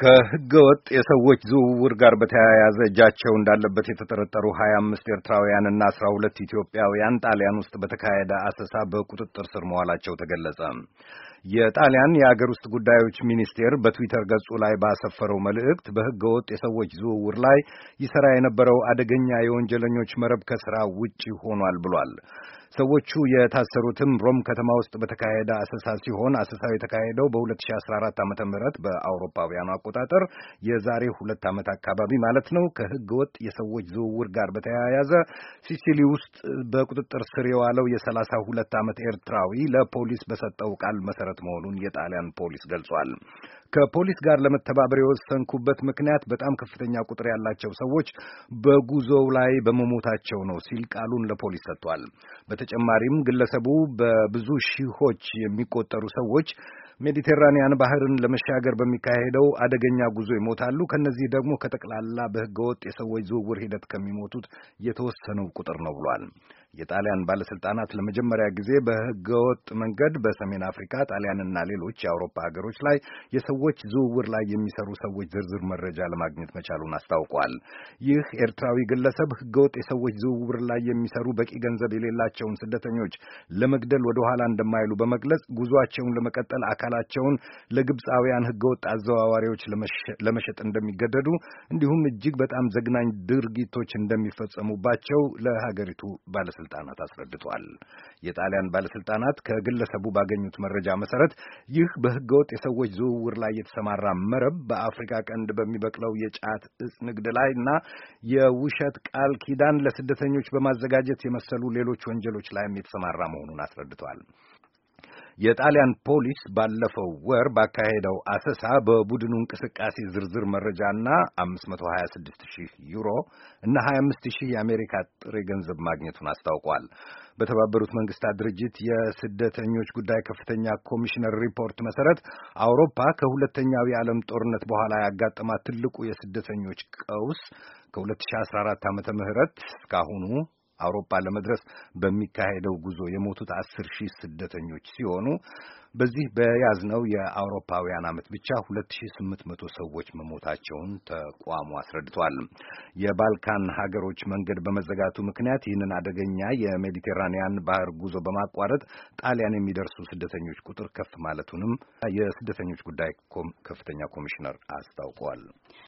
ከህገ ወጥ የሰዎች ዝውውር ጋር በተያያዘ እጃቸው እንዳለበት የተጠረጠሩ ሀያ አምስት ኤርትራውያንና አስራ ሁለት ኢትዮጵያውያን ጣሊያን ውስጥ በተካሄደ አሰሳ በቁጥጥር ስር መዋላቸው ተገለጸ። የጣሊያን የአገር ውስጥ ጉዳዮች ሚኒስቴር በትዊተር ገጹ ላይ ባሰፈረው መልእክት በህገ ወጥ የሰዎች ዝውውር ላይ ይሰራ የነበረው አደገኛ የወንጀለኞች መረብ ከስራ ውጪ ሆኗል ብሏል። ሰዎቹ የታሰሩትም ሮም ከተማ ውስጥ በተካሄደ አሰሳ ሲሆን አሰሳው የተካሄደው በ2014 ዓ ም በአውሮፓውያኑ አቆጣጠር የዛሬ ሁለት ዓመት አካባቢ ማለት ነው። ከህገ ወጥ የሰዎች ዝውውር ጋር በተያያዘ ሲሲሊ ውስጥ በቁጥጥር ስር የዋለው የሰላሳ ሁለት ዓመት ኤርትራዊ ለፖሊስ በሰጠው ቃል መሰረት መሆኑን የጣሊያን ፖሊስ ገልጿል። ከፖሊስ ጋር ለመተባበር የወሰንኩበት ምክንያት በጣም ከፍተኛ ቁጥር ያላቸው ሰዎች በጉዞው ላይ በመሞታቸው ነው ሲል ቃሉን ለፖሊስ ሰጥቷል። በተጨማሪም ግለሰቡ በብዙ ሺዎች የሚቆጠሩ ሰዎች ሜዲቴራንያን ባህርን ለመሻገር በሚካሄደው አደገኛ ጉዞ ይሞታሉ። ከነዚህ ደግሞ ከጠቅላላ በህገወጥ የሰዎች ዝውውር ሂደት ከሚሞቱት የተወሰነው ቁጥር ነው ብሏል። የጣሊያን ባለስልጣናት ለመጀመሪያ ጊዜ በህገወጥ መንገድ በሰሜን አፍሪካ ጣሊያንና ሌሎች የአውሮፓ ሀገሮች ላይ የሰዎች ዝውውር ላይ የሚሰሩ ሰዎች ዝርዝር መረጃ ለማግኘት መቻሉን አስታውቋል። ይህ ኤርትራዊ ግለሰብ ህገወጥ የሰዎች ዝውውር ላይ የሚሰሩ በቂ ገንዘብ የሌላቸውን ስደተኞች ለመግደል ወደ ኋላ እንደማይሉ በመግለጽ ጉዟቸውን ለመቀጠል አካላቸውን ለግብፃውያን ህገወጥ አዘዋዋሪዎች ለመሸጥ እንደሚገደዱ እንዲሁም እጅግ በጣም ዘግናኝ ድርጊቶች እንደሚፈጸሙባቸው ለሀገሪቱ ባለስልጣናት ባለስልጣናት አስረድቷል። የጣሊያን ባለስልጣናት ከግለሰቡ ባገኙት መረጃ መሰረት ይህ በህገወጥ የሰዎች ዝውውር ላይ የተሰማራ መረብ በአፍሪካ ቀንድ በሚበቅለው የጫት እጽ ንግድ ላይ እና የውሸት ቃል ኪዳን ለስደተኞች በማዘጋጀት የመሰሉ ሌሎች ወንጀሎች ላይም የተሰማራ መሆኑን አስረድቷል። የጣሊያን ፖሊስ ባለፈው ወር ባካሄደው አሰሳ በቡድኑ እንቅስቃሴ ዝርዝር መረጃና 526000 ዩሮ እና 25000 የአሜሪካ ጥሬ ገንዘብ ማግኘቱን አስታውቋል። በተባበሩት መንግስታት ድርጅት የስደተኞች ጉዳይ ከፍተኛ ኮሚሽነር ሪፖርት መሰረት አውሮፓ ከሁለተኛው የዓለም ጦርነት በኋላ ያጋጠማት ትልቁ የስደተኞች ቀውስ ከ2014 ዓመተ ምህረት እስካሁኑ አውሮፓ ለመድረስ በሚካሄደው ጉዞ የሞቱት አስር ሺህ ስደተኞች ሲሆኑ በዚህ በያዝነው የአውሮፓውያን ዓመት ብቻ ሁለት ሺህ ስምንት መቶ ሰዎች መሞታቸውን ተቋሙ አስረድቷል። የባልካን ሀገሮች መንገድ በመዘጋቱ ምክንያት ይህንን አደገኛ የሜዲቴራንያን ባህር ጉዞ በማቋረጥ ጣሊያን የሚደርሱ ስደተኞች ቁጥር ከፍ ማለቱንም የስደተኞች ጉዳይ ከፍተኛ ኮሚሽነር አስታውቀዋል።